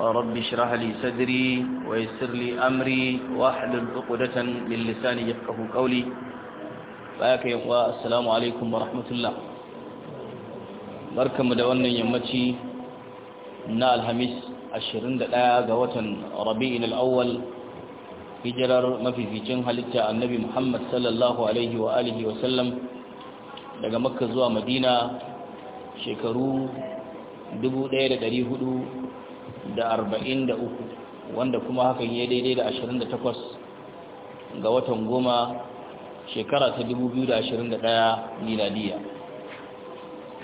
رب اشرح لي صدري ويسر لي أمري واحلل عقدة من لساني يفقه قولي باكي والسلام عليكم ورحمة الله barkanmu da wannan yammaci na alhamis 21 ga watan rabi'in al'awwal hijirar mafificin halitta annabi muhammad sallallahu alaihi wa alihi wa sallam daga makka zuwa madina shekaru 1447 da arba'in da uku wanda kuma hakan ya daidai da ashirin da takwas ga watan goma shekara ta dubu biyu da ashirin da ɗaya miladiya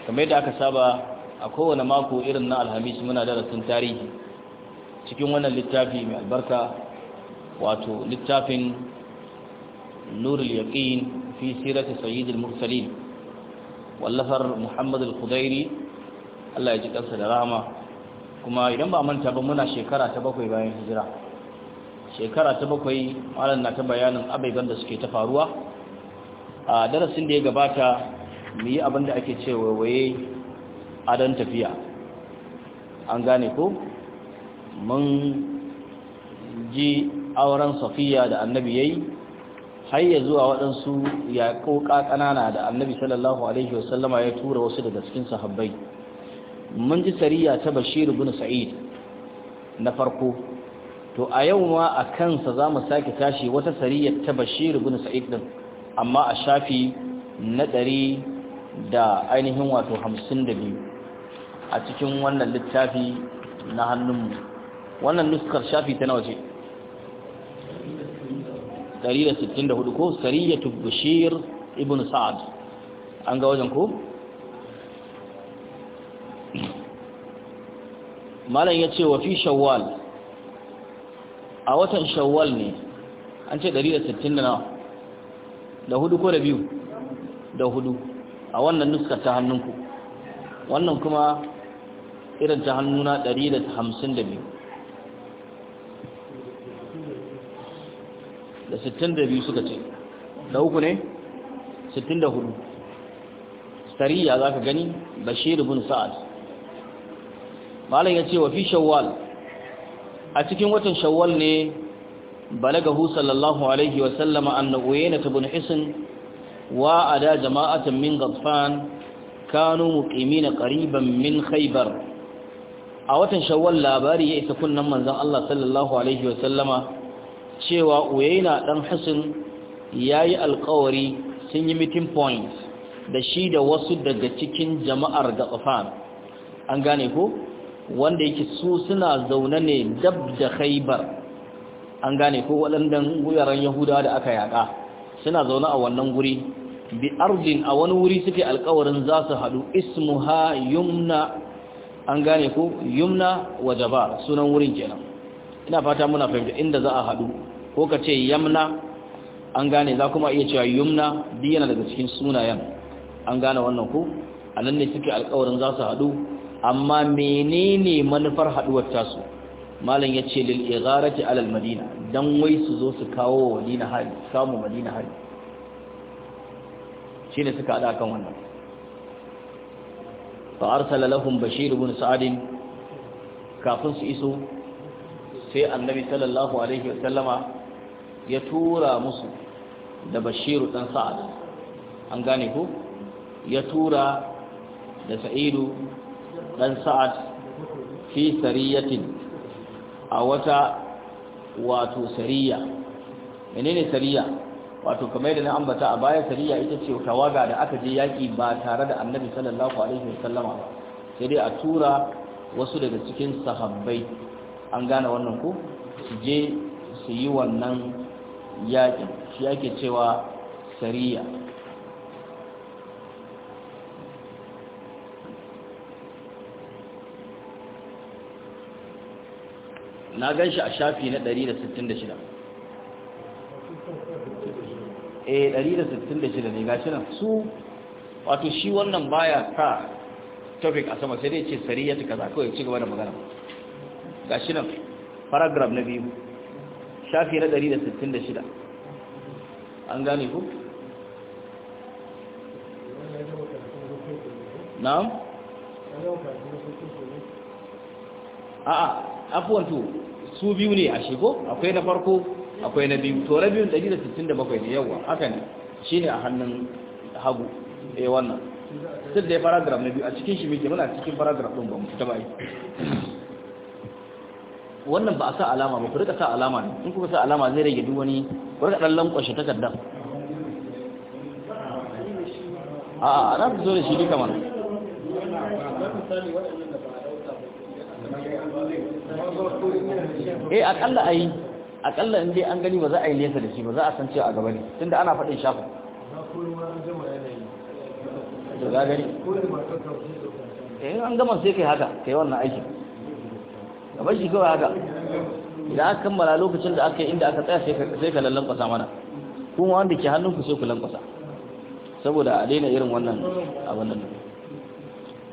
kamar yadda aka saba a kowane mako irin na alhamis muna darasin tarihi cikin wannan littafi mai albarka wato littafin nurul yaqin fi sirati sayyidil mursalin wallafar muhammad al-khudairi Allah ya ji kansa da rahama kuma idan ba manta ba muna shekara ta bakwai bayan hijira shekara ta bakwai malam na ta bayanin abaiban da suke ta faruwa a darasin da ya gabata mu yi abin da ake ce waye adon tafiya an gane ko mun ji auren safiya da annabi ya yi har ya zuwa waɗansu yaƙoƙa ƙanana da annabi sallallahu alaihi wasallama ya tura wasu daga cikin sahabbai mun ji sariya ta bashir ibn sa'id na farko to a yau ma a kansa za mu sake tashi wata Sariya ta bashir ibn sa'id din amma a shafi na ɗari da ainihin wato hamsin da biyu a cikin wannan littafi na hannunmu wannan nuskar shafi ta nawa ce 164 ko Sariya ta bashir ibn sa'ad an ga wajen ko malam ya ce wa fi shawwal a watan shawwal ne an ce dari da hudu ko da biyu da hudu a wannan nuska ta hannunku wannan kuma irin ta hannuna 152 da 62 suka ce da uku ne 64 sariya za ka gani bashir bin sa'ad malam ya ce wa fi shawwal a cikin watan shawwal ne balagahu sallallahu alaihi wa sallama annahu yana tabun hisin wa ada jama'atan min gadfan kanu muqimina qariban min khaybar a watan shawwal labari ya isa kunnan manzon Allah sallallahu alaihi wa sallama cewa uyaina dan hisin yayi alkawari sun yi meeting point da shi da wasu daga cikin jama'ar gadfan an gane ko wanda yake su suna zaune ne dab da khaybar an gane ko waɗannan guyaran yahudawa da aka yaka suna zaune a wannan guri bi ardin a wani wuri suke alƙawarin za su haɗu ismuha yumna an gane ko yumna wa jabar sunan wurin kenan ina fata muna fahimta inda za a haɗu ko ka ce yamna an gane za kuma iya cewa yumna biyana daga cikin sunayen an gane wannan ku? a nan ne suke alƙawarin za su haɗu amma menene manufar haduwar tasu malam yace lil igharati alal madina dan wai su zo su kawo madina hari samu madina hari shine suka hada kan wannan fa arsala lahum bashir ibn sa'd kafin su iso sai annabi sallallahu alaihi wasallama ya tura musu da bashiru dan sa'ad an gane ko ya tura da sa'idu dan sa'ad fi sariyatin a wata wato sariya menene sariya wato kamar da na ambata a baya sariya ita ce tawaga da aka je yaki ba tare da annabi sallallahu alaihi wasallama ba sai dai a tura wasu daga cikin sahabbai an gane wannan ko su je su yi wannan yakin shi ake cewa sariya na gan shi a shafi na 166 eh 166 ne shi nan su wato shi wannan baya ka topic a sama sai dai ce sariyatu kaza kawai ci gaba da magana shi nan paragraph na biyu shafi na 166 an gane ku na'am a'a afuwan tu su biyu ne a shigo akwai na farko akwai na biyu to rabiyun 167 ne yawa haka ne shine a hannun hagu eh wannan sai da paragraph na biyu a cikin shi muke muna cikin paragraph din ba mu fita ba wannan ba a sa alama ba ku rika sa alama ne in kuka sa alama zai rage duk wani ku rika dan lankwashe takardar a a na zo da shi duka mana eh akalla a yi akalla in dai an gani ba za a yi nesa da shi ba za a san cewa a gaba ne tunda ana faɗin shafin to ga gani eh an gama sai kai haka kai wannan aiki gaba shi kawai haka idan aka kammala lokacin da aka yi inda aka tsaya sai ka lallankwasa mana kuma wanda ke hannunku sai ku lankwasa saboda a daina irin wannan abin nan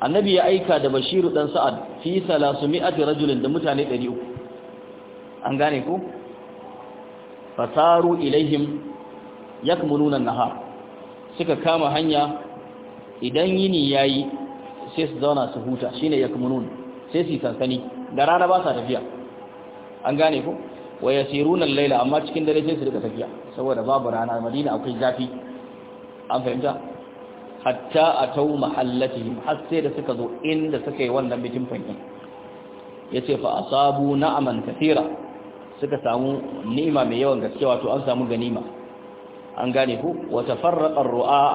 annabi ya aika da bashiru dan sa'ad fi 300 rajulin da mutane 300 an gane ko fasaru ilaihim yakmununa nahar suka kama hanya idan yini yayi sai su zauna su huta shine yakmunun sai su sansani da rana ba sa tafiya an gane ko wayasiruna al-laila amma cikin dare sai su rika tafiya saboda babu rana Madina akwai zafi an fahimta hatta a tau mahallatihim har sai da suka zo inda suka yi wannan bikin fankin ya ce fa a sabu na'aman kafira suka samu ni'ima mai yawan gaske wato an samu ganima an gane ku wata farraƙar ru'a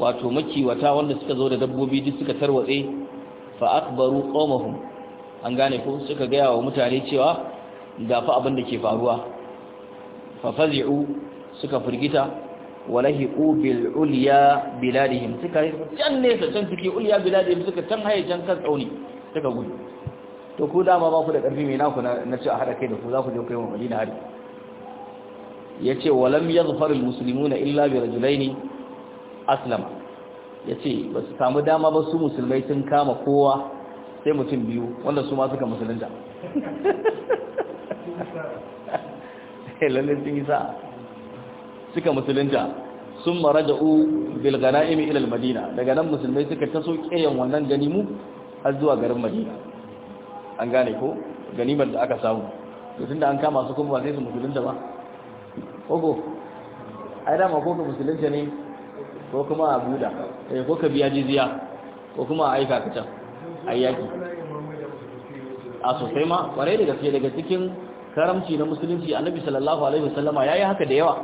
wato makiwata wanda suka zo da dabbobi duk suka tarwatse fa akbaru qawmahum an gane ku suka gaya wa mutane cewa ga fa abin da ke faruwa fa fazi'u suka firgita walahiqu bil ulya biladihim suka can nesa can suke ulya biladihim suka can haye can kan tsauni suka gudu to ku dama ba ku da karfi mai naku na ci a haɗa kai da ku za ku je kai wa Madina hari ce walam yadhfar al musulmuna illa bi rajulaini aslama ce ba su samu dama ba su musulmai sun kama kowa sai mutum biyu wanda su ma suka musulunta lalle sun yi sa'a suka musulunta sun mara u bilgana imi ilal madina daga nan musulmai suka taso kiyan wannan ganimu har zuwa garin madina an gane ko ganimar da aka samu tun da an kama su kuma ba sai su musulunta ba kogo ai dama ko ka musulunta ne ko kuma a buda eh ko ka biya jiziya ko kuma a aika ka can ai yaki a sosai ma kwarai da gaske daga cikin karamci na musulunci annabi sallallahu alaihi wasallama yayi haka da yawa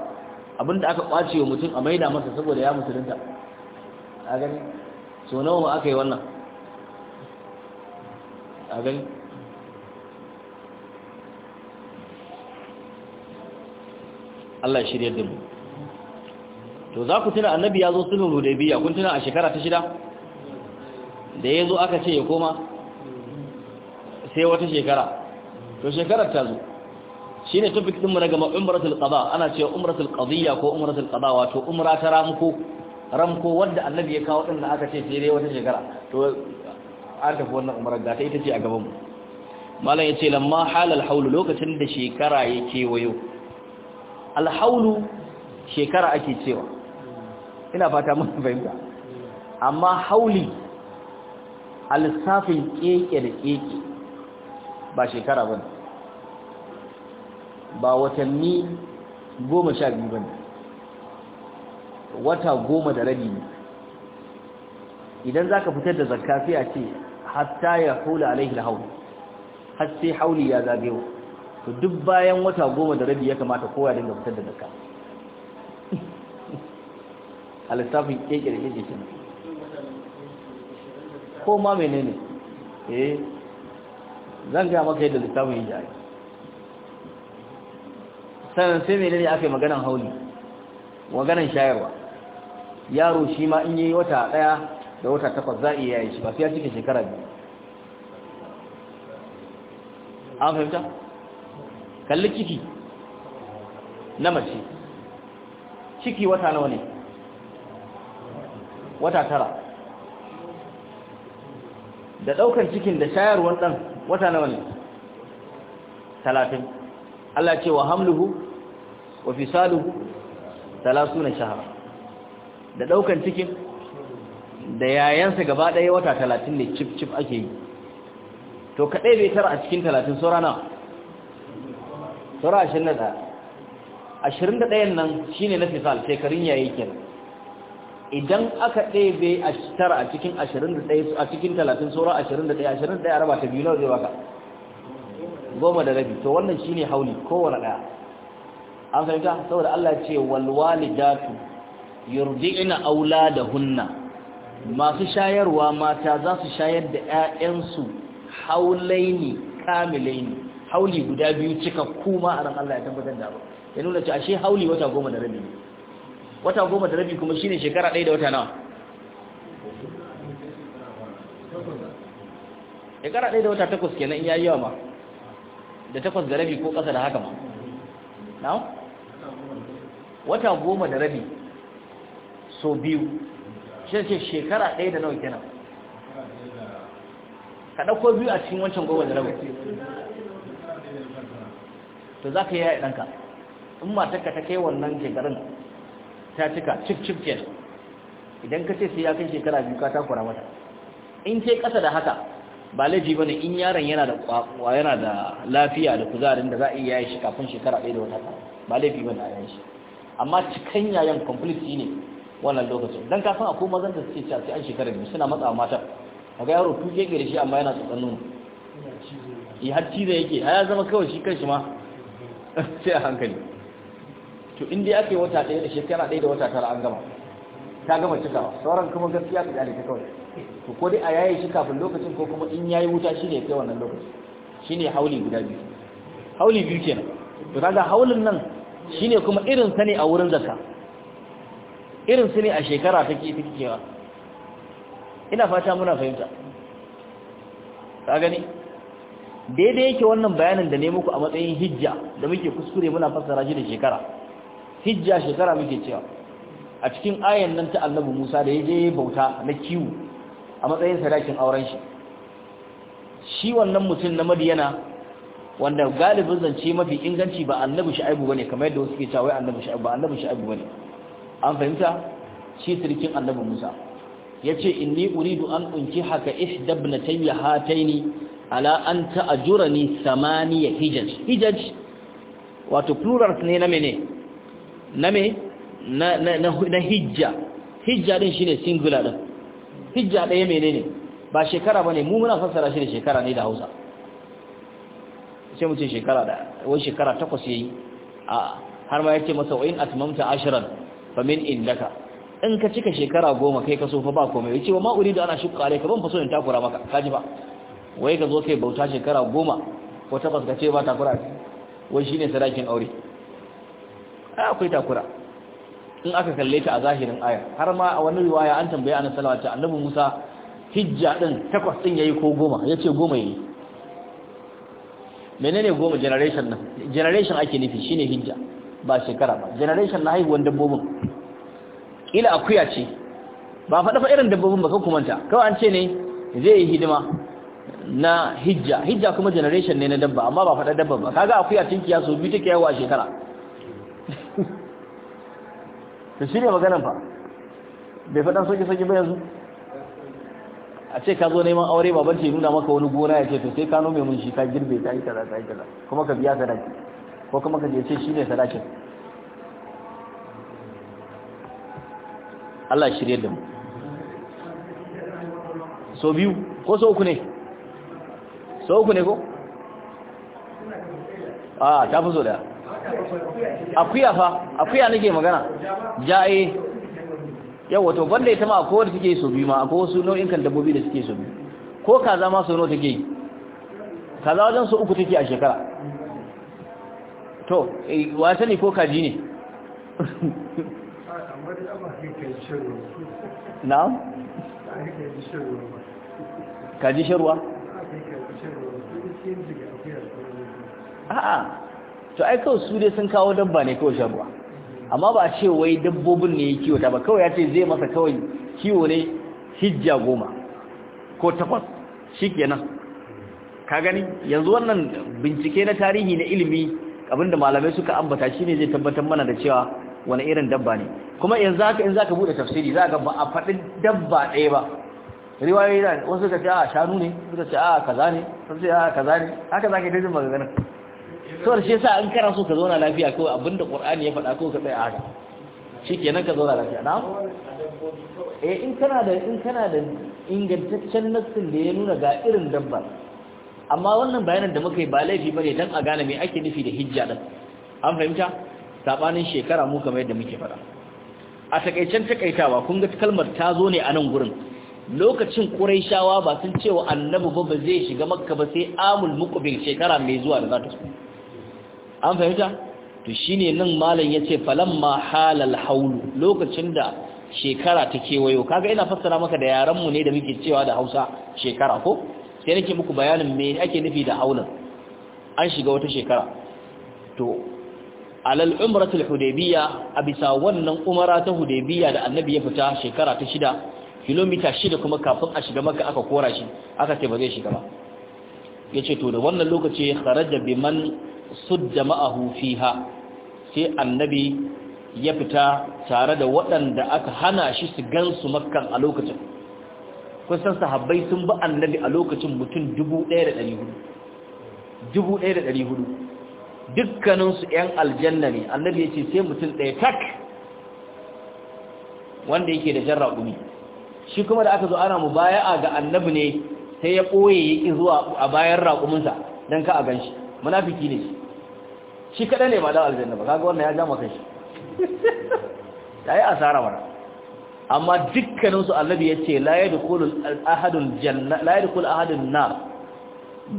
abinda aka kwace wa mutum a maida masa saboda ya musulunta a gani so nawa aka yi wannan a gani Allah shirya da mu to za ku tuna annabi ya zo sulhul hudaybiya kun tuna a shekara ta shida da ya zo aka ce ya koma sai wata shekara to shekarar ta zo shine topic din mu na gama umratul qada ana cewa umratul qadiyya ko umratul qada wato umra ta ramko ramko wanda annabi ya kawo din da aka ce sai dai wata shekara to an tafi wannan umra da ta ita ce a gaban mu malam yace lamma halal haulu lokacin da shekara yake kewayo al haulu shekara ake cewa ina fata mun fahimta amma hauli al safin keke da keke ba shekara bane ba watanni goma sha biyu ba wata goma da rabi ne idan za ka fitar da zarka sai a ce hatta ya hula alaihi da hauli har sai hauli ya wa. to duk bayan wata goma da rabi ya kamata kowa dinga fitar da zarka a lissafin kekere keke jikin ko ma menene eh zan ga maka yadda lissafin yi jari sannan sai menene aka yi maganan hauli maganan shayarwa yaro shi ma in yi wata daya da wata takwas za a iya yi shi ba sai ya cike shekara biyu an fahimta kalli ciki na mace ciki wata nawa ne wata tara da ɗaukar cikin da shayarwar ɗan wata nawa ne talatin Allah ce wa hamluhu wa fisaluhu 30 shahara da daukan cikin da yayansa gaba daya wata 30 ne chip chip ake yi to kadai bai tara a cikin 30 sura na sura 21 21 nan shine na fisal karin yayi kenan idan aka ɗebe a tara a cikin 21 a cikin 30 sura 21 21 araba ta biyu na zai baka goma da rabi to wannan shine hauli kowane daya an fahimta saboda Allah ce wal walidatu yurdi'na auladahunna masu shayarwa mata za su shayar da ƴaƴansu haulaini kamilaini hauli guda biyu cika kuma a ran Allah ya tabbatar da ya nuna ce ashe hauli wata goma da rabi wata goma da rabi kuma shine shekara ɗaya da wata nawa shekara ɗaya da wata takwas kenan in yayi yawa ma da takwas da rabi ko ƙasa da haka ma na wata goma da rabi so biyu shi ce shekara ɗaya da nawa kenan ka ɗauko biyu a cikin wancan goma da rabi to za ka yi yaɗa ɗanka in matarka ta kai wannan shekarun ta cika cif cik kenan idan ka ce sai ya kai shekara biyu ka takura mata in ce ƙasa da haka ba laifi ba ne in yaron yana da kwakwa yana da lafiya da kuzarin da za a iya shi kafin shekara ɗaya da wata tara ba laifi ne a yayin shi amma cikin yayan complete ne wannan lokacin don kafin akwai mazan da suke ci a cikin shekarar biyu suna matsawa mata ga yaro tuke yake da shi amma yana tsakanin nono yi eh, har cizo yake ya zama kawai shi kan shi ma sai a hankali to in dai aka yi wata ɗaya da shekara ɗaya da wata tara an gama ta gama cikawa sauran kuma gaskiya ta ɗaya ta kawai to ko dai a yaye shi kafin lokacin ko kuma in yayi wuta shine ya kai wannan lokaci shine hauli guda biyu hauli biyu kenan to kaga haulin nan shine kuma irin sa ne a wurin zaka irin su ne a shekara take take kewa ina fata muna fahimta ka gani daidai yake wannan bayanin da ne muku a matsayin hijja da muke kuskure muna fassara shi da shekara hijja shekara muke cewa a cikin ayan nan ta annabi Musa da ya je bauta na kiwo a matsayin sadakin auren shi shi wannan mutum na madiyana wanda galibin zance mafi inganci ba annabi sha'ibu bane kamar yadda wasu ke cewa wai annabi sha'ibu ba annabi sha'ibu bane an fahimta shi sirkin annabi Musa yace inni uridu an unki haka tayya hataini ala an ta'jurani samaniya hijaj hijaj wato plural ne na mene na me na na na hijja hijja din shine singular din hijja ɗaya menene ba shekara ba ne mu muna fassara shi da shekara ne da hausa sai mutum shekara da wai shekara takwas ya yi a har ma ya ce masa wa'in atmamta ashiran fa min indaka in ka cika shekara goma kai ka sofa fa ba komai ce wa ma'uri da ana shukka alayka ban faso in takura maka kaji ba wai ka zo kai bauta shekara goma ko tabbas ka ce ba takura wai shine sadakin aure akwai takura in aka kalle ta a zahirin aya har ma a wani riwaya an tambaye annabi sallallahu alaihi wasallam annabi Musa hijja din takwas din yayi ko goma yace goma yayi menene goma generation nan generation ake nufi shine hijja ba shekara ba generation na haihuwan dabbobin ila akuya ce ba faɗa fa irin dabbobin ba ka ta kawai an ce ne zai yi hidima na hijja hijja kuma generation ne na dabba amma ba faɗa dabba ba kaga akuya tinkiya so biyu take yawa a shekara to shi ne maganan fa bai fadan soke-soke ba yanzu a ce ka zo neman aure baban ce nuna maka wani gona ya ce to sai ka nome mun shi ka girbe ta yi kaza ta yi kaza kuma ka biya sadaki ko kuma ka je ce shi ne sadakin Allah shirye da mu so biyu ko so uku ne so uku ne ko a ah, ta fi so da akuya fa akuya nake magana ja'i eh. yau wato banda ita ma akwai wanda suke so bi ma akwai wasu nau'in kan dabbobi da suke so bi. ko kaza ma so nawa take yi kaza wajen so uku take a shekara to eh, wa sani ko kaji ne na'am kaji sharuwa a'a to ai kawai su dai sun kawo dabba ne kawai sharuwa amma ba ce wai dabbobin ne ya kiwata ba kawai ya ce zai masa kawai kiwo ne hijja goma ko takwas shikenan ka gani yanzu wannan bincike na tarihi na ilimi abinda malamai suka ambata shine zai tabbatar mana da cewa wani irin dabba ne kuma yanzu haka in ka bude tafsiri za ga ba a faɗin dabba ɗaya ba riwayoyi da wasu suka ce a ah, shanu ne suka ce a ah, kaza ne suka ce a ah, kaza ne haka za ka yi jin maganganun saboda shi yasa an kara so ka zauna lafiya ko abinda qur'ani ya faɗa ko ka tsaya haka shikenan ka zauna lafiya na eh in kana da in kana da ingantaccen nassin da ya nuna ga irin dabbar amma wannan bayanan da muka yi ba laifi bane dan a gane me ake nufi da hijja din an fahimta sabanin shekara mu kamar yadda muke faɗa a takaicen takaitawa kun ga kalmar ta zo ne a nan gurin lokacin ƙuraishawa ba sun cewa annabi ba ba zai shiga makka ba sai amul muqbil shekara mai zuwa da za ta so an fahimta to shine nan malam yace falamma halal haulu lokacin da shekara ta kewayo kaga ina fassara maka da yaran mu ne da muke cewa da Hausa shekara ko sai nake muku bayanin me ake nufi da haulun an shiga wata shekara to alal umratul hudaybiya a bisa wannan umara ta hudaybiya da annabi ya fita shekara ta shida kilomita shida kuma kafin a shiga maka aka kora shi aka ce ba zai shiga ba yace to da wannan lokaci kharaja biman sudda ma'ahu fiha sai annabi ya fita tare da waɗanda aka hana shi su gansu makkan a lokacin kusan sahabbai sun bi annabi a lokacin mutum 1,400 dukkaninsu 'yan aljanna ne annabi ya ce sai mutum ɗaya tak wanda yake da jarra ƙumi shi kuma da aka zo ana mubaya'a ga annabi ne sai ya ɓoye ya ƙi zuwa a bayan raƙuminsa don ka a gan shi munafiki ne shi shi kada ne ba da aljanna ba kaga wannan ya ja kai shi yayi asara bara amma dukkanin su annabi yace la yadkhulu ahadun janna la yadkhulu ahadun nar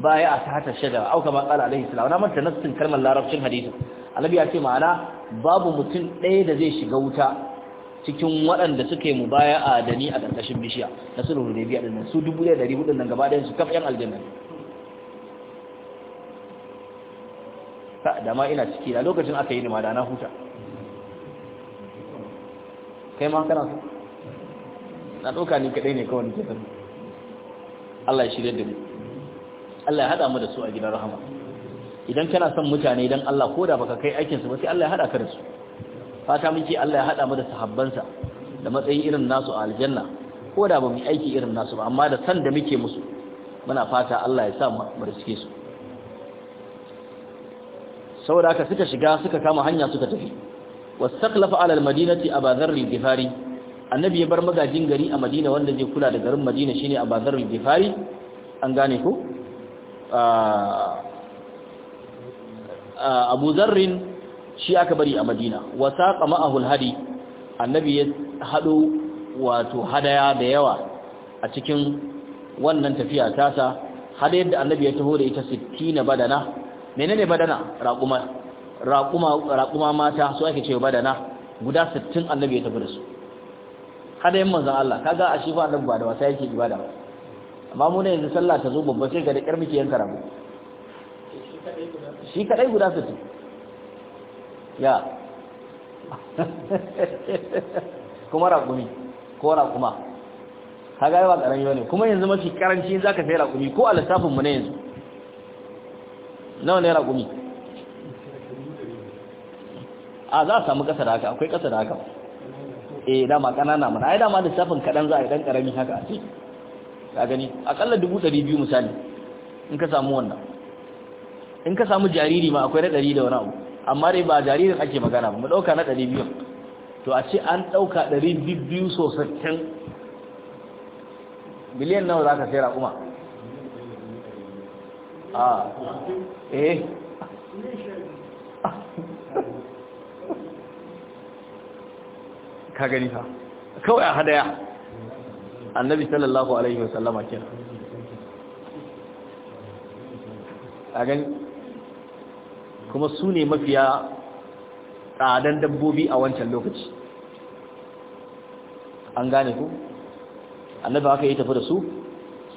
baya a tahta shajara au kama qala alaihi salam na manta nassin kalmar larabcin hadisi annabi ya ce ma'ana babu mutum ɗaya da zai shiga wuta cikin waɗanda suka yi baya a dani a ƙarƙashin bishiya na sulhul biya din su dubu 1400 nan gaba ɗayan su kaf yan aljanna da ma ina ciki da lokacin aka yi ni ma da na huta kai ma kana so na ɗauka ni kaɗai ne kawai nake sani Allah ya shirya da mu Allah ya haɗa mu da su a gidan rahama idan kana son mutane idan Allah ko da baka kai aikinsu ba sai Allah ya haɗa ka da su fata muke Allah ya haɗa mu da sahabbansa da matsayi irin nasu a aljanna ko da ba mu aiki irin nasu ba amma da san da muke musu muna fata Allah ya sa mu riske su saboda haka suka shiga suka kama hanya suka tafi wastaqlafa ala almadinati abadhar al-ghifari annabi ya bar magajin gari a madina wanda zai kula da garin madina shine abadhar al-ghifari an gane ku? Ah, ah, abu zarrin shi aka bari a madina wasa kama a hulhadi annabi ya hado wato hadaya da yawa a cikin wannan tafiya tasa hadayar da annabi ya taho da ita 60 badana menene badana raquma raƙuma mata su ake ce badana guda 60 annabi ya tafi da su kada yin manzon Allah kaga a shifa annabi ba da wasa yake ibada ba amma mu ne yanzu sallah ta zo babba sai ga da ƙar muke yanka rabu shi kadai guda 60 ya kuma raƙumi ko raƙuma kaga yawa ƙarami ne kuma yanzu mafi ƙaranci zaka sai raƙumi ko a lissafin mu ne yanzu nawa ne raƙumi a za a samu ƙasa da haka akwai ƙasa da haka eh dama ƙanana mana ai dama lissafin kaɗan za a yi ɗan ƙarami haka ce ka gani akalla dubu biyu misali in ka samu wannan in ka samu jariri ma akwai na ɗari da wani abu amma dai ba jaririn ake magana ba mu ɗauka na ɗari biyu to a ce an ɗauka ɗari biyu so sattin miliyan nawa za ka sai kuma? Ah. Eh. ka gani fa kawai a hadaya annabi sallallahu alaihi wasallama ke a gani kuma su ne mafiya tsadan dabbobi a wancan lokaci an gane ku annabi haka yi tafi da su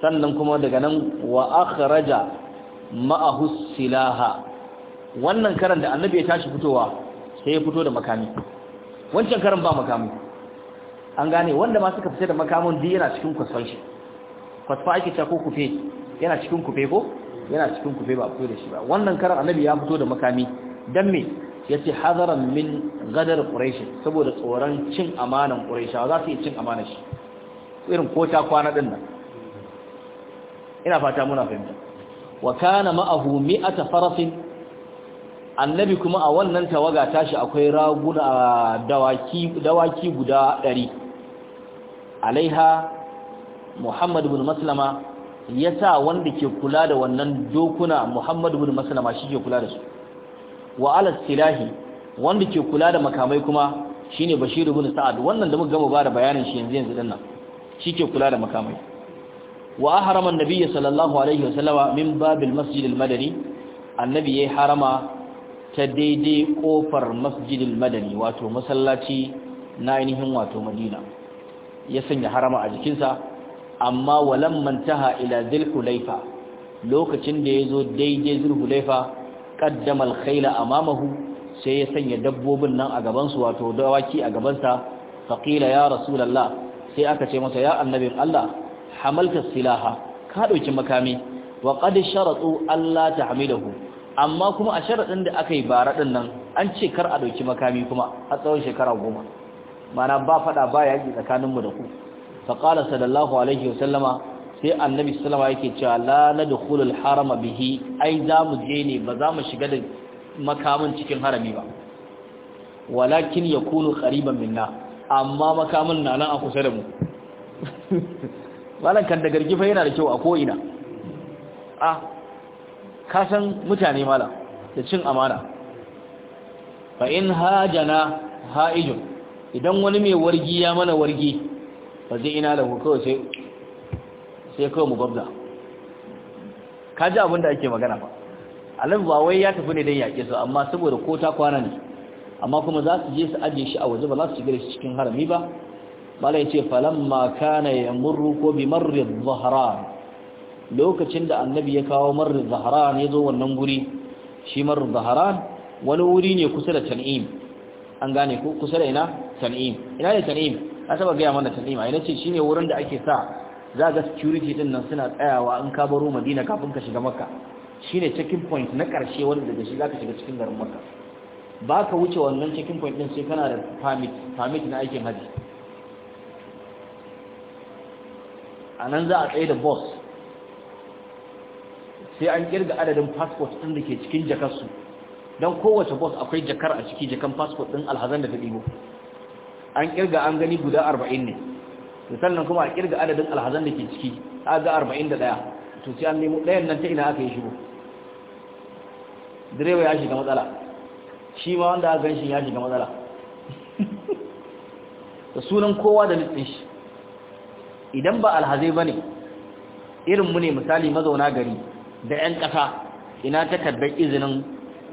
sannan kuma daga nan wa akhraja ma'ahu silaha wannan karan da annabi ya tashi fitowa sai ya fito da makami wancan karan ba makami an gane wanda ma suka fita da makamin duk yana cikin kwasan shi kwasfa ake ta ko kufe yana cikin kufe ko yana cikin kufe ba fito da shi ba wannan karan annabi ya fito da makami dan me yace hadaran min gadar quraish saboda tsoron cin amanan quraishawa za su yi cin amanar shi irin ko ta kwana din nan ina fata muna fahimta wa kana ma'ahu mi'ata farasin annabi kuma a wannan tawaga tashi akwai raguna dawaki dawaki guda 100 alaiha Muhammad ibn Maslama yasa wanda ke kula da wannan dokuna Muhammad ibn Maslama shi ke kula da su wa ala silahi wanda ke kula da makamai kuma shine Bashir ibn Sa'ad wannan da muka gama ba da bayanin shi yanzu yanzu dinnan shi ke kula da makamai wa haraman an-nabiy min babil masjidin madani annabi ya harama ta daidai kofar masjid madani wato masallaci na ainihin wato madina ya sanya harama a jikinsa amma walamman taha ila dhul-hulaifa lokacin da ya zo daidai dhul-hulaifa qaddama al-khayla amamahu sai ya sanya dabbobin nan a gabansu wato dawaki a gabansa faqila ya rasu lalla, sai aka ce masa ya annabin Allah hamalta silaha ka dauki makami wa qad sharatu alla tahmilahu amma kuma a sharadin da aka yi bara din nan an ce kar a dauki makami kuma a tsawon shekara goma mana ba fada ba yaki tsakanin da ku fa qala sallallahu alaihi sallama sai annabi sallama yake cewa la nadkhulul harama bihi ai za mu je ne ba za mu shiga da makamin cikin harami ba walakin yakunu qariban minna amma makamin na nan a kusa da mu malam kan da gargifa yana da kyau a ko'ina a kasan mutane malam da cin amana fa in hajana ha'ijun idan wani mai wargi ya mana wargi ba zai ina da hukawa sai sai kawai mu ka ji abin da ake magana ba alif ba wai ya tafi ne don yaƙe su amma saboda ko ta kwana ne amma kuma za su je su ajiye shi a waje ba za su shiga da shi cikin harami ba mala yace falamma kana yamurru ko bi marri dhahran lokacin da annabi ya kawo marri dhahran yazo wannan guri shi marri dhahran wani wuri ne kusa da tan'im an gane ku kusa da ina tan'im ina ne tan'im a taba ga mana tan'im ai nace shine wurin da ake sa za ga security din nan suna tsayawa in ka baro Madina kafin ka shiga Makka shine checking point na karshe wanda daga shi zaka shiga cikin garin Makka ba ka wuce wannan checking point din sai kana da permit permit na aikin haji a nan za a tsaye da bus sai an kirga adadin passport ɗin da ke cikin jakarsu don kowace bus akwai jakar a ciki jakan passport ɗin alhazan da ta ɗigo an kirga an gani guda arba'in ne sannan kuma a kirga adadin alhazan da ke ciki a ga arba'in da ɗaya to sai an nemo ɗayan nan ta ina aka yi shigo direba ya shiga matsala shi ma wanda gan shi ya shiga matsala da sunan kowa da nufin shi idan ba alhazai bane irin mu ne misali mazauna gari da ƴan ƙasa ina takardar izinin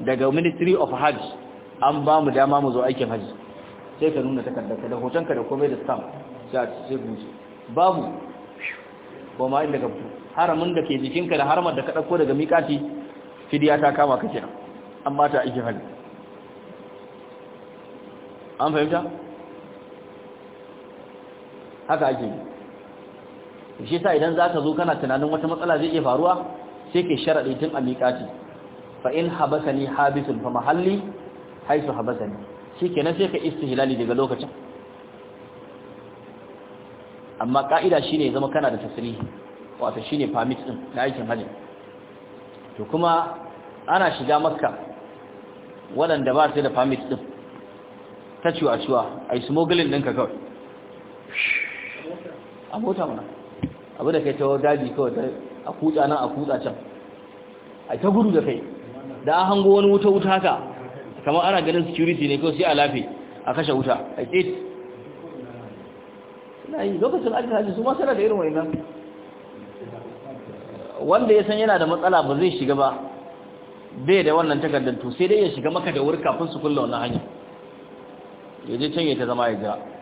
daga Ministry of Hajj an ba mu dama mu zo aikin hajji sai ka nuna takardar ka da hoton ka da komai da stamp sai a sai buce babu ba ma inda ka fito haramin da ke jikinka da haramar da ka dauko daga miƙati fidiya ta kama ka kenan an ba ta aikin hajji an fahimta haka ake yi shi yasa idan zaka zo kana tunanin wata matsala zai iya faruwa sai ke sharadi tun a miƙati fa in habasani habisun fa mahalli haisu habasani shikenan sai ka hilali daga lokacin amma ka'ida shine zama kana da wata shi shine permit din na aikin hajji to kuma ana shiga maska waɗanda ba su da permit din ta ciwa ciwa ai smuggling ɗinka kawai a mota mana abu da kai ta daji kawai a kutsa nan a kutsa can a ta gudu da kai da an hango wani wuta wuta haka kamar ana ganin security ne kawai sai a lafi a kashe wuta a tsit suna yi lokacin aikin hajji su ma da irin wainan wanda ya san yana da matsala ba zai shiga ba bai da wannan takardar to sai dai ya shiga maka da wuri kafin su kulla wannan hanya ya je can ya ta zama ya jira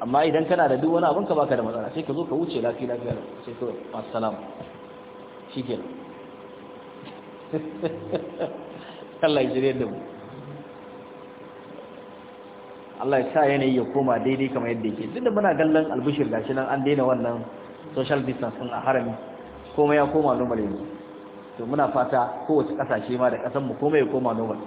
amma idan kana da duk wani abin ka baka da matsala sai ka zo ka wuce lafi lafiya sai ka assalam shikenan Allah ya jire da mu Allah ya sa yanayi ya koma daidai kamar yadda yake duk da muna gallan albishir gashi nan an daina wannan social distance a harami komai ya koma normal yanzu to muna fata kowace kasashe ma da kasan mu komai ya koma normal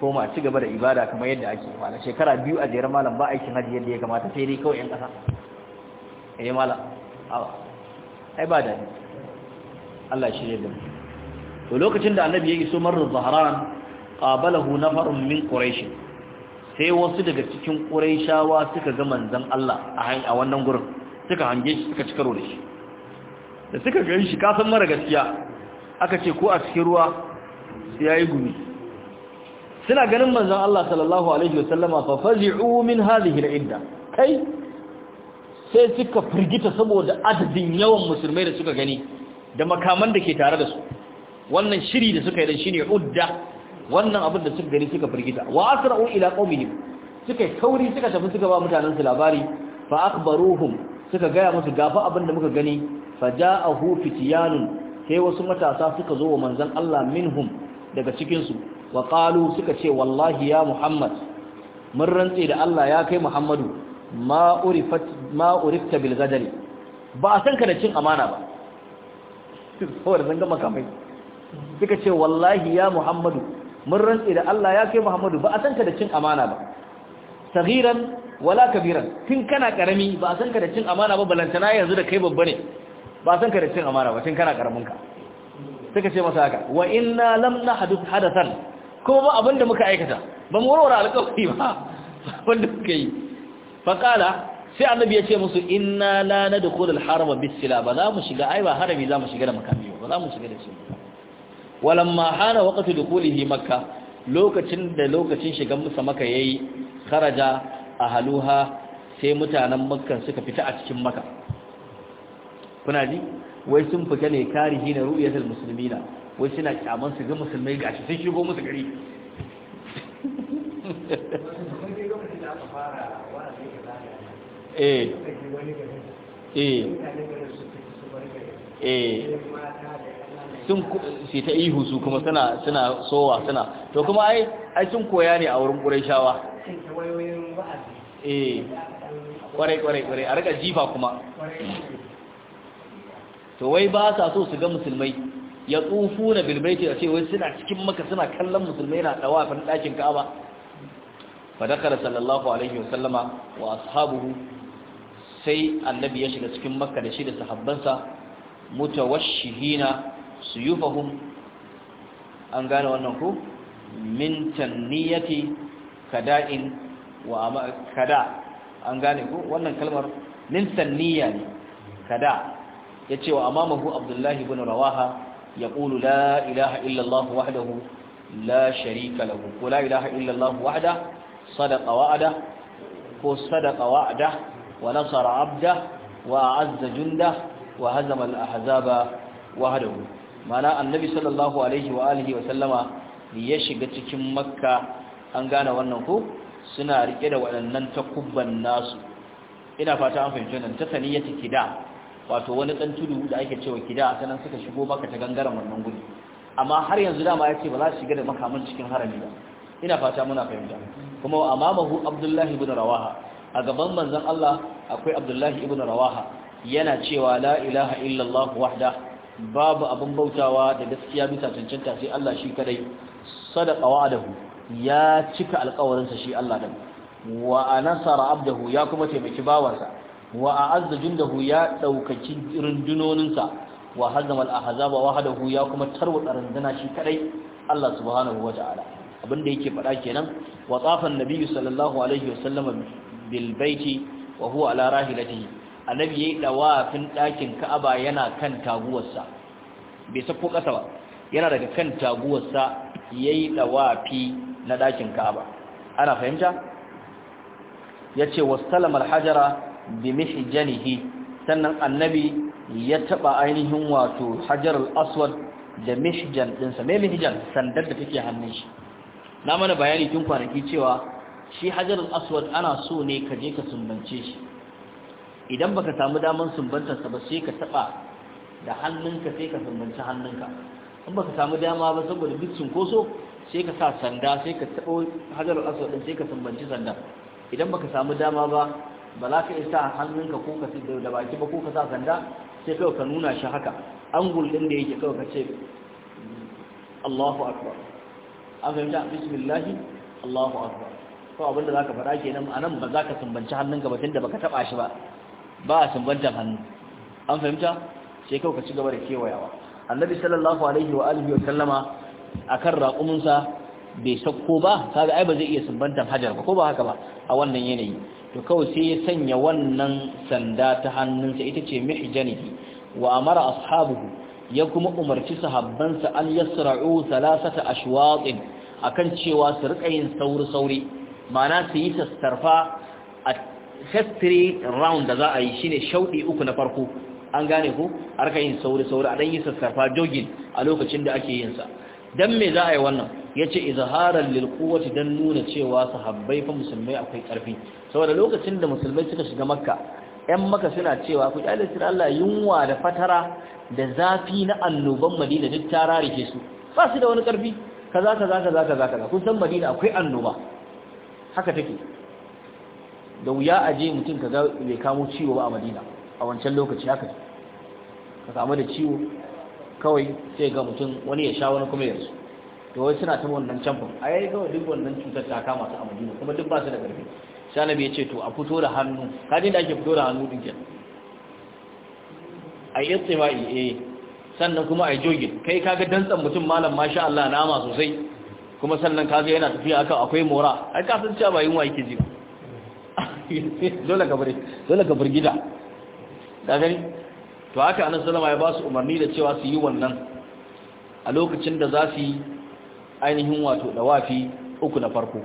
koma a ci gaba da ibada kamar yadda ake mana shekara biyu a jerin malam ba aikin hajji yadda ya kamata sai dai kawai 'yan ƙasa yi eh, malam awa ai ba da Allah shi da to lokacin da annabi ya iso marar zaharan na farin min ƙurashi, sai wasu daga cikin quraishawa suka ga manzan Allah a wannan gurin suka hange shi suka karo da shi da suka gani shi kasan mara gaskiya aka ce ko a cikin ruwa sai yi gumi suna ganin manzon Allah sallallahu alaihi wasallama fa fazi'u min hadhihi al kai sai suka firgita saboda adadin yawan musulmai da suka gani da makaman da ke tare da su wannan shiri da suka yi dan shine udda wannan abin da suka gani suka firgita wa asra'u ila qaumihim suka kauri suka tafi suka ba mutanen su labari fa akhbaruhum suka gaya musu gafa abin da muka gani fa ja'ahu fitiyanun sai wasu matasa suka zo wa manzon Allah minhum daga cikin su wa qalu suka ce wallahi ya muhammad mun rantse da Allah ya kai muhammadu ma urifat ma urifta bil gadari ba san ka da cin amana ba saboda zanga makamai suka ce wallahi ya muhammadu mun rantse da Allah ya kai muhammadu ba a san ka da cin amana ba sagiran wala kabiran tun kana karami ba a san ka da cin amana ba balantana yanzu da kai babba ne ba san ka da cin amana ba tun kana karamin ka suka ce masa haka wa inna lam nahdith hadathan kuma ba abinda muka aikata ba mu warware alƙawari ba wanda muka yi faƙala sai annabi ya ce musu inna la nadkhulul harama bisila ba za mu shiga ai ba harami za mu shiga da makami ba za mu shiga da shi walamma hana waqtu dukhulihi maka lokacin da lokacin shigan musa makka yayi kharaja ahluha sai mutanen makka suka fita a cikin maka? kuna ji wai sun fita ne karihi na ru'yatul muslimina wai suna kyaman su ga musulmai gashi sun shigo musu gari eh. Eh. Eh. sun ta ihu su kuma suna suna sowa suna to kuma ai ai sun koya ne a wurin qurayshawa eh kwarai kwarai kwarai a rika jifa kuma to wai ba sa so su ga musulmai ya tsufu na bilbaiti a ce wai suna cikin maka suna kallon musulmai na tsawafin ɗakin ka'aba fa dakara sallallahu alaihi wa sallama wa ashabuhu sai annabi ya shiga cikin maka da shi da sahabbansa mutawashshihina suyufahum an gane wannan ko min tanniyati kada'in wa kada an gane ko wannan kalmar min tanniya ne kada yace wa amamahu abdullahi ibn rawaha يقول لا إله إلا الله وحده لا شريك له ولا إله إلا الله وحده صدق وعده صدق وعده ونصر عبده وأعز جنده وهزم الأحزاب وحده معنى النبي صلى الله عليه وآله وسلم يشغ تكم مكة أنقان ونكو سنة رئيدة وأنن تقب الناس إنا فاتحان في الجنة تثنية كدا wato wani dan tudu da ake cewa kida a sanan suka shigo maka ta gangaren wannan guri amma har yanzu dama ya ce ba za su shiga da makaman cikin harami ba ina fata muna fahimta kuma amamahu abdullahi ibn rawaha a gaban manzon Allah akwai abdullahi ibn rawaha yana cewa la ilaha illallahu wahda babu abin bautawa da gaskiya bisa cancanta sai Allah shi kadai sadaqa wa'adahu ya cika alƙawarinsa shi Allah din wa anasara abdahu ya kuma taimaki bawansa wa a'azza jundahu ya daukaki rundunoninsa wa hazama al-ahzaba wahdahu ya kuma tarwada runduna shi kadai Allah subhanahu wata'ala abinda yake faɗa kenan wa tsafan annabi sallallahu alaihi wasallam bil baiti wa huwa ala rahilatihi annabi yayi dawafin dakin Ka'aba yana kan taguwarsa bai sako kasa ba yana daga kan taguwarsa yayi dawafi na dakin Ka'aba ana fahimta yace wasallam al-hajara bi mihjanihi sannan annabi ya taba ainihin wato hajar al-aswad da mihjan dinsa mai mihjan sandar da take hannun shi na mana bayani tun kwanaki cewa shi hajar al-aswad ana so ne ka je ka sumbance shi idan baka samu daman sumbantar sa ba sai ka taba da hannunka sai ka sumbanci hannunka in baka samu dama ba saboda duk cunkoso sai ka sa sanda sai ka tabo hajar al-aswad sai ka sumbanci sanda idan baka samu dama ba ba za ka isa hannunka ko ka da baki ba ko ka sa sanda sai kawai ka nuna shi haka angul din da yake kawai ka ce Allahu akbar an fahimta bismillah Allahu akbar ko abin da zaka faɗa kenan anan ba za ka sumbanci hannunka ba tunda baka taba shi ba ba a sumbantar hannu an fahimta sai kawai ka ci gaba da kewayawa annabi sallallahu alaihi wa alihi wa sallama akan raƙuminsa bai sakko ba kaga ai ba zai iya sumbantan hajar ba ko ba haka ba a wannan yanayi to kawai sai ya sanya wannan sanda ta hannunsa ita ce mihjanihi wa amara ashabuhu ya kuma umarci sahabbansa an yasra'u thalathata ashwaqin akan cewa su rika yin sauri sauri ma'ana su yi tastarfa a history round da za a yi shine shaudi uku na farko an gane ku a rika yin sauri sauri a dan yi tastarfa jogging a lokacin da ake yin sa dan me za a yi wannan ce izaharar lil quwwati don nuna cewa su Habbai fa musulmai akwai karfi saboda lokacin da musulmai suka shiga makka 'yan maka suna cewa ku kyale sun Allah yunwa da fatara da zafi na annoban Madina duk rarike su ba su da wani karfi za ka za ka. za kun san Madina akwai annoba haka take da wuya a je mutum kaza bai kamo ciwo ba a Madina a wancan lokaci haka ka samu da ciwo kawai sai ga mutum wani ya sha wani kuma yanzu to wai suna ta wannan camfin a yayi kawai duk wannan cutar ta kama su a madina kuma duk ba su da ƙarfi sai ya ce to a fito da hannu ka da ake fito da hannu din kenan a yi tsima'i iya eh. sannan kuma a yi jogin kai kaga dantsan mutum malam masha Allah nama sosai kuma sannan kaga yana tafiya akan akwai mora ai ka san cewa ba yunwa yake ji dole ka bari dole ka burgida da gani to haka annabi sallama ya ba su umarni da cewa su yi wannan a lokacin da za su yi ainihin wato wafi uku na farko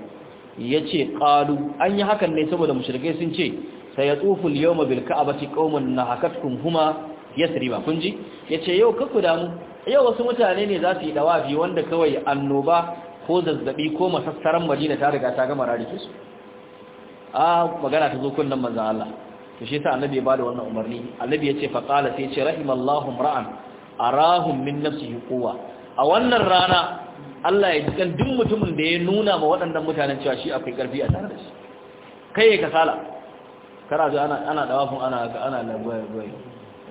Ya ce ƙalu an yi hakan ne saboda mashirgai sun ce sayatufu al-yawma bil ƙaumin na hakatkun huma ba kunji ji ce yau kakku damu yau wasu mutane ne za su yi wafi wanda kawai annoba ko zazzabi ko masassaran madina ta riga ta gama rarike su a magana ta zo kunnan manzon Allah to shi sa annabi ya bada wannan umarni annabi ce fa qala sai ce, rahimallahu ra'an arahum min nafsihi quwwa a wannan rana Allah ya jikan duk mutumin da ya nuna ma waɗannan mutanen cewa shi akwai ƙarfi a tare da shi kai ya kasala kana ji ana ana dawafin ana ana lagwai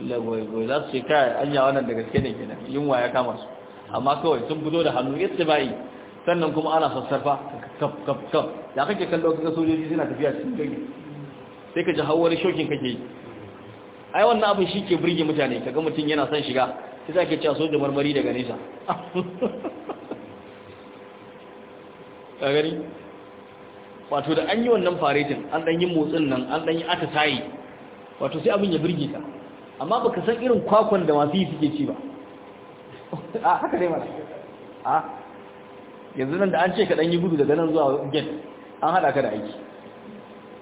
lagwai za su ce kai anya wannan da gaske ne kenan yunwa ya kama su amma kawai sun fito da hannu ittibai sannan kuma ana sassarfa kaf kaf kap ya kake kallo ga sojoji suna tafiya cikin gari sai ka ji hawar shokin kake yi ai wannan abin shi ke burge mutane kaga mutum yana son shiga sai zaka ce soja marmari daga nesa ka gani wato da an yi wannan faretin an dan yi motsin nan an dan yi atasayi wato sai abin ya birge ka amma baka san irin kwakwan da masu yi suke ci ba a haka dai mana a yanzu nan da an ce ka dan yi gudu daga nan zuwa gate an hada ka da aiki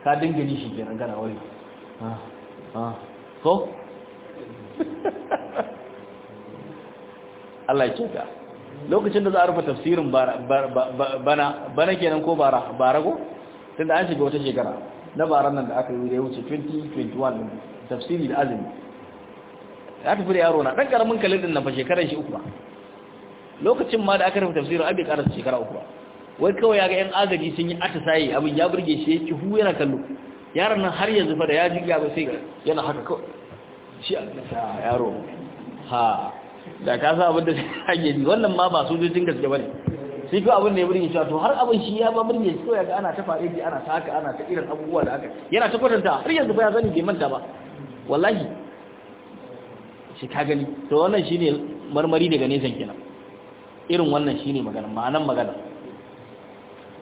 ka dinga ni shi kenan kana wani ah ah ko Allah ya ce ka lokacin da za a rufe tafsirin bana bana kenan ko bara ko tun da an shiga wata shekara na baran nan da aka yi da ya wuce 2021 tafsiri da azumi ya tafi da yaro na ɗan ƙaramin kalidin nan fa shekarar shi uku ba lokacin ma da aka rufe tafsirin abin ƙarar shekara uku ba wai kawai ya ga 'yan agaji sun yi atisaye abin ya burge shi ya hu yana kallo yaron nan har yanzu fa da ya ya ba sai yana haka kawai shi a yaro ha da ka sa abin da ake yi wannan ma ba sojojin gaske bane sai ko abin da ya burge shi to har abin shi ya ba burge shi ya ga ana ta faɗi ana ta haka ana ta irin abubuwa da haka yana ta kwatanta har yanzu ba ya sani bai manta ba wallahi shi ka gani to wannan shine marmari daga nesan kenan irin wannan shine magana ma'anan magana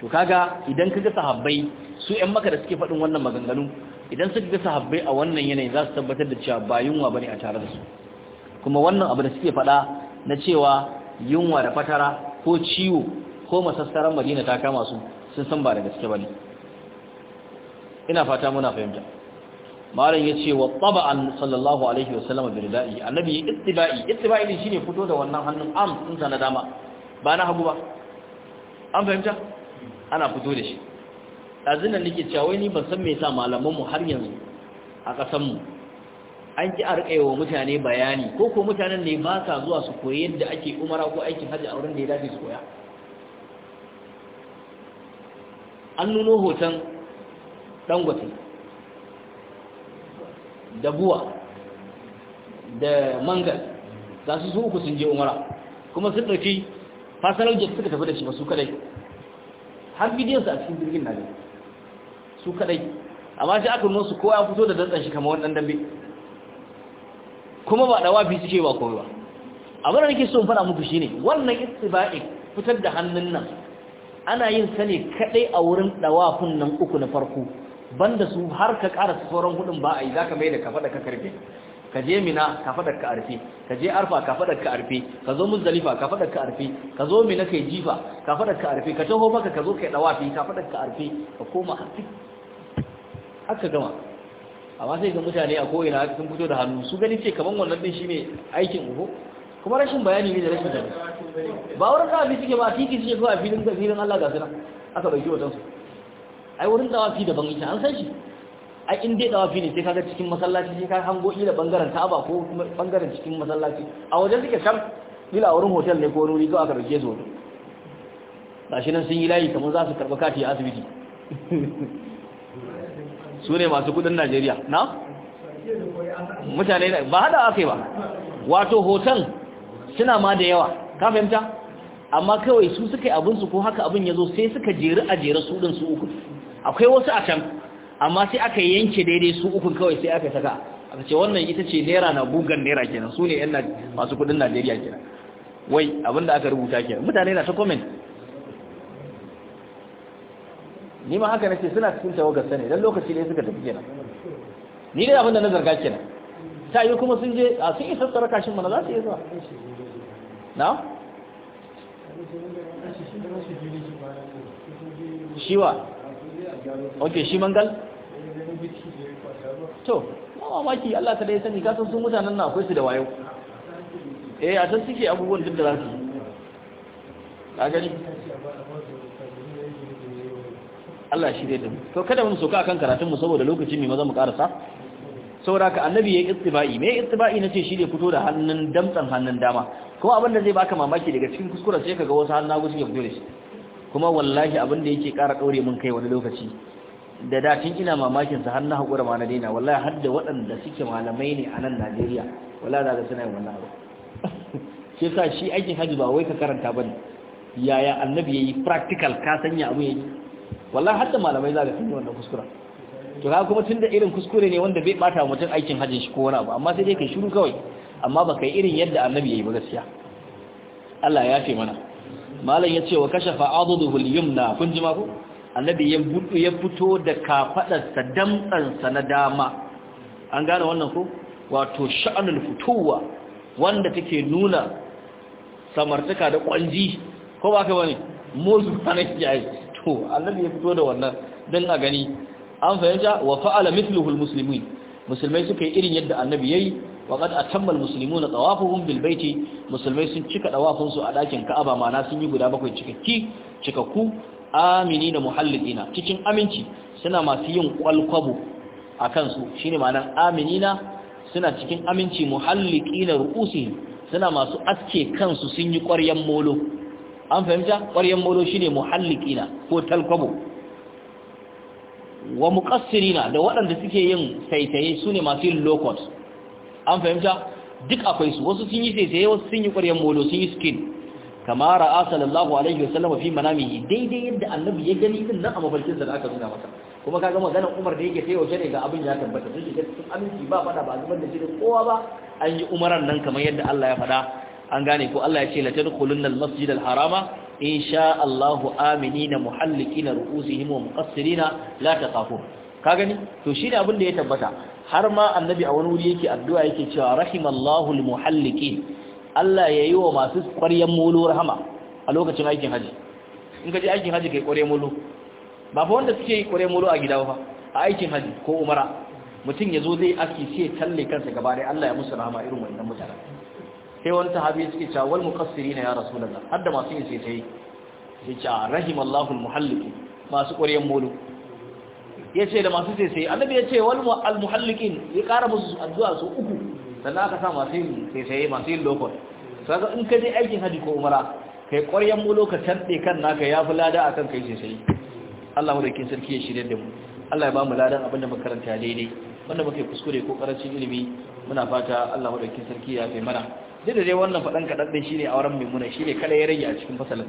to kaga idan kaga sahabbai su ƴan maka da suke faɗin wannan maganganu idan suka ga sahabbai a wannan yanayi za su tabbatar da cewa ba bane a tare da su kuma wannan abu da suke faɗa na cewa yunwa da fatara ko ciwo ko masassaran madina ta kama su sun san ba da gaske bane ina fata muna fahimta malam yace wa an sallallahu alaihi wasallam bi ridai annabi ittiba'i ittiba'i din shine fito da wannan hannun am din sa na dama ba na hagu ba an fahimta ana fito da shi dazin nan nake cewa wai ni ban san me yasa malamanmu har yanzu a kasan mu an ki a wa mutane bayani ko ko mutanen ne ba sa zuwa su koyi yadda ake umara ko aikin hajji a wurin da ya dace su koya an nuno hoton dangote da buwa da mangal za su su uku sun je umara kuma sun ɗauki fasarar jet suka tafi da shi ba su kadai har bidiyonsu a cikin jirgin na su kadai amma shi aka nuno su kowa fito da dantsan shi kama wani ɗan dambe kuma ba wafi suke ba komai ba abin da nake so fara muku shine wannan istiba'i fitar da hannun nan ana yin sa ne kadai a wurin dawafin nan uku na farko banda su har ka ƙara sauran hudun ba a yi zaka mai da ka fada ka karfe ka je mina ka fada ka arfe ka je arfa ka fada ka arfe ka zo muzdalifa ka fada ka arfe ka zo mina kai jifa ka fada ka arfe ka taho maka ka zo kai dawafi ka fada ka arfe ka koma haka gama amma sai ga mutane a ko'ina sun fito da hannu su gani ce kamar wannan din ne aikin uku kuma rashin bayani ne da rashin dani ba wurin tawafi suke ba titi suke kawai filin da filin Allah gasu suna aka bai ji wajen su ai wurin tawafi daban ita an san shi ai in dai tawafi ne sai kaga cikin masallaci sai ka hango ila bangaren Kaaba ko bangaren cikin masallaci a wajen suke sam ila wurin hotel ne ko wuri kawai aka rike su shi nan sun yi layi kamar za su karɓi kati a asibiti su ne masu kudin najeriya na mutane ba hada aka ba wato hoton suna ma da yawa ka fahimta amma kawai su suka yi abinsu ko haka abin ya zo sai suka jeri a jeri su ɗin su uku akwai wasu a can amma sai aka yanke daidai su ukun kawai sai aka saka aka ce wannan ita ce naira na bugan naira kenan su ne yan masu kudin najeriya kenan wai abinda aka rubuta kenan mutane na ta comment ni ma haka nace suna cikin tawagar sani dan lokaci ne suka tafi kenan ni dai abin da na zarga kenan ta yi kuma sun je a sun yi sassara kashin mana za su iya zuwa na shiwa ok shi mangal to ma mamaki Allah ta dai sani kasan sun mutanen na akwai su da wayo eh a san suke abubuwan duk da za su yi ka gani Allah shi zai to kada mun soka akan karatun mu saboda lokaci mai maza mu karasa saboda ka annabi yayi ittibai me ittibai nace shi ne fito da hannun damtsan hannun dama kuma abin da zai baka mamaki daga cikin kuskuren sai kaga wasu hannu suke fito da shi kuma wallahi abin da yake ƙara daure mun kai wani lokaci da da tun ina mamakin sa na hakura ma na daina wallahi har da waɗanda suke malamai ne a nan Najeriya wallahi da suna yin wannan abu shi yasa shi aikin haji ba wai ka karanta bane yaya annabi yayi practical ka sanya abu yayi wallahi da malamai za ka sani wannan kuskuren to ga kuma tunda irin kuskure ne wanda bai bata mutum aikin hajjin shi ko wani abu amma sai dai kai shiru kawai amma baka yi irin yadda annabi yayi ba gaskiya Allah ya ce mana malam ce wa kashafa aduduhu al-yumna kun ji ma ko annabi ya budu ya fito da kafadar sa damtsan sa na dama an gane wannan ko wato sha'anul futuwa wanda take nuna samartaka da kwanji ko ba ka bane mozu kana yayi to annabi ya fito da wannan dan a gani an fahimta wa fa'ala mithluhu almuslimin musulmai suka yi irin yadda annabi yayi wa qad atamma almuslimuna tawafuhum bil bilbaiti. musulmai sun cika tawafun su a dakin Ka'aba mana sun yi guda bakwai cikakki cikakku aminina muhallidina cikin aminci suna masu yin kwalkwabo akan su shine ma'anar aminina suna cikin aminci muhalliqina ru'usihim suna masu aske kansu sun yi ƙwaryan molo an fahimta ƙwaryen molo shine muhallikina ko talkwabo wa muqassirina da waɗanda suke yin saitaye su ne masu yin lokot an fahimta duk akwai su wasu sun yi saitaye wasu sun yi ƙwaryen molo sun yi skin kama ra'a sallallahu alaihi wasallam fi manamihi daidai yadda annabi ya gani din nan a mafarkin da aka nuna masa kuma ka ga maganar Umar da yake ta yaushe ne ga abin ya tabbata sun shiga sun aminci ba fada ba zubar da shi kowa ba an yi umaran nan kamar yadda Allah ya fada an gane ko Allah ya ce la tadkhulunna al-masjid al-harama insha Allahu aminina muhallikina ru'usihim wa muqassirina la taqafun ka gani to shine abin da ya tabbata har ma annabi a wani wuri yake addu'a yake cewa rahimallahu al-muhallikin Allah ya yi wa masu ƙwaryen mulu rahama a lokacin aikin haji in ka je aikin haji kai ƙwaryen mulu ba fa wanda suke yi ƙwaryen mulu a gida ba a aikin haji ko umara mutum ya zo zai aski sai talle kansa gaba Allah ya musu rahama irin wannan mutanen sai wani sahabi suke cewa wal muqassiri na ya rasulullah har da masu yin sai sai ya ce rahimallahu almuhalliki masu ƙwaryen molo ya ce da masu sai sai annabi ya ce wal almuhallikin ya ƙara musu addu'a su uku sannan aka sa masu yin sai sai masu yin lokon saka in ka je aikin haji ko umara kai ƙwaryen molo ka tanɗe kan naka ya fi lada akan kai sai sai Allah mu da kin sarki ya shirya da mu Allah ya ba mu ladan abinda makaranta daidai wanda muke kuskure ko karancin ilimi muna fata Allah madaukakin sarki ya fi mana duk da dai wannan faɗan kaɗan dai shine auren maimuna shine kada ya rage a cikin fasalin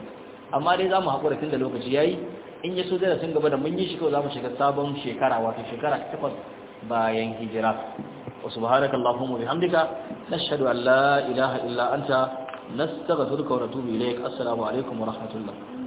amma dai za mu haƙura tun da lokaci ya yi in ya so da sun gaba da mun yi shi kawai za mu shiga sabon shekara wato shekara ta takwas bayan hijira wa subhanaka allahumma bihamdika nashhadu an la ilaha illa anta nastaghfiruka wa natubu ilayk assalamu alaikum wa rahmatullah